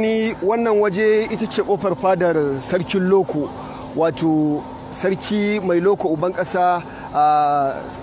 ni wannan waje ita ce kofar fadar sarkin loko wato sarki mai loko uban ƙasa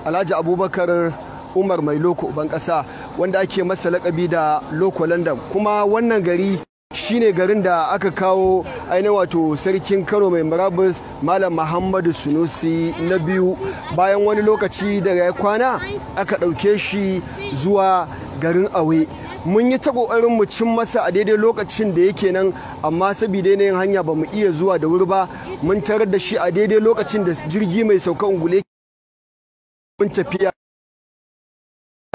alhaji abubakar umar mai loko uban ƙasa wanda ake masa lakabi da loko london kuma wannan gari shine garin da aka kawo ainihin wato sarkin kano mai murabus malam muhammadu sunusi na biyu bayan wani lokaci daga ya kwana aka ɗauke shi zuwa garin awe mun yi ta kokarin mu cin masa a daidai lokacin da yake nan amma saboda yanayin hanya ba mu iya zuwa da wuri ba mun tarar da shi a daidai lokacin da jirgi mai saukan gule mun tafiya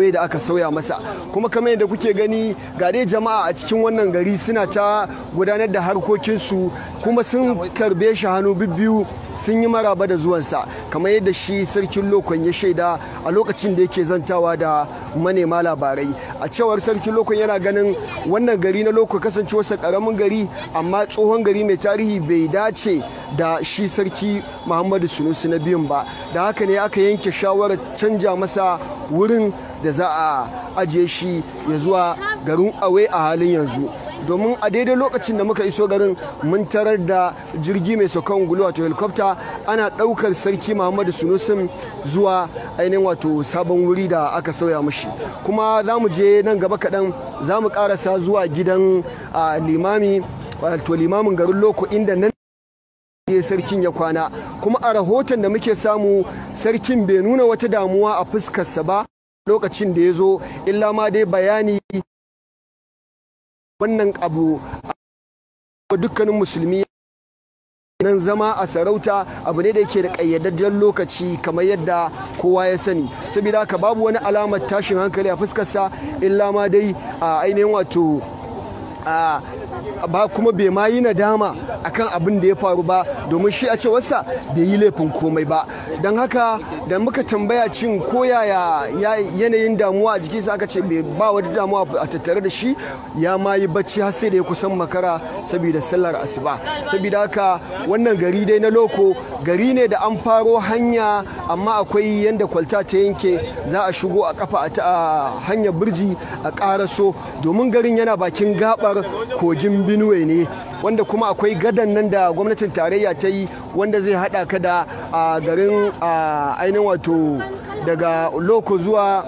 bai da aka sauya masa kuma kamar yadda kuke gani ga dai jama'a a cikin wannan gari suna ta gudanar da harkokinsu kuma sun karbe shi hannu biyu sun yi maraba da zuwansa kamar yadda shi sarkin lokon ya shaida a lokacin da yake zantawa da manema labarai a cewar sarkin lokon yana ganin wannan gari na loko kasancewarsa karamin gari amma tsohon gari mai tarihi bai dace da shi sarki muhammadu sunusi na biyun ba da haka ne aka yanke shawarar canja masa wurin da za a ajiye shi ya zuwa garin awe a halin yanzu domin a daidai lokacin da muka iso garin mun tarar da jirgi mai saukan gulu wato helikwafta ana daukar sarki muhammadu sunusin zuwa ainihin wato sabon wuri da aka sauya mashi kuma za mu je nan gaba kaɗan za mu ƙarasa zuwa gidan limami wato limamin garin loko inda nan ne sarkin ya kwana kuma a rahoton da muke samu sarkin bai nuna wata damuwa a fuskarsa ba lokacin da ya zo illa ma dai bayani wannan abu a dukkanin musulmi nan zama a sarauta abu ne da yake da ƙayyadajjen lokaci kamar yadda kowa ya sani saboda haka babu wani alamar tashin hankali a fuskarsa illa ma dai a ainihin wato ba kuma bai ma yi nadama akan abin da ya faru ba domin shi a cewarsa bai yi laifin komai ba don haka da muka tambaya cin ko yaya yanayin damuwa a jikinsa aka ce bai ba wata damuwa a tattare da shi ya ma yi bacci har sai da ya kusan makara saboda sallar asuba saboda haka wannan gari dai na loko gari ne da an faro hanya amma akwai yanda kwalta ta yanke za a shigo a kafa a hanyar birji a karaso domin garin yana bakin gabar kogin jihohin Benue ne wanda kuma akwai gadan nan da gwamnatin tarayya ta yi wanda zai hada ka da a garin ainihin wato daga loko zuwa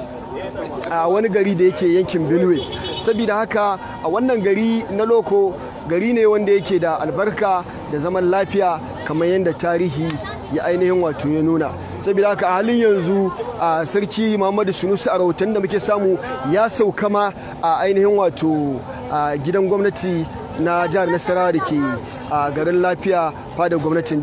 a wani gari da yake yankin benue saboda haka a wannan gari na loko gari ne wanda yake da albarka da zaman lafiya kamar yadda tarihi ya ainihin wato ya nuna saboda haka a halin yanzu a sarki muhammadu sunusu a rahoton da muke samu ya sauka ma a ainihin wato a gidan gwamnati na jihar nasarawa da ke a garin lafiya fadar gwamnatin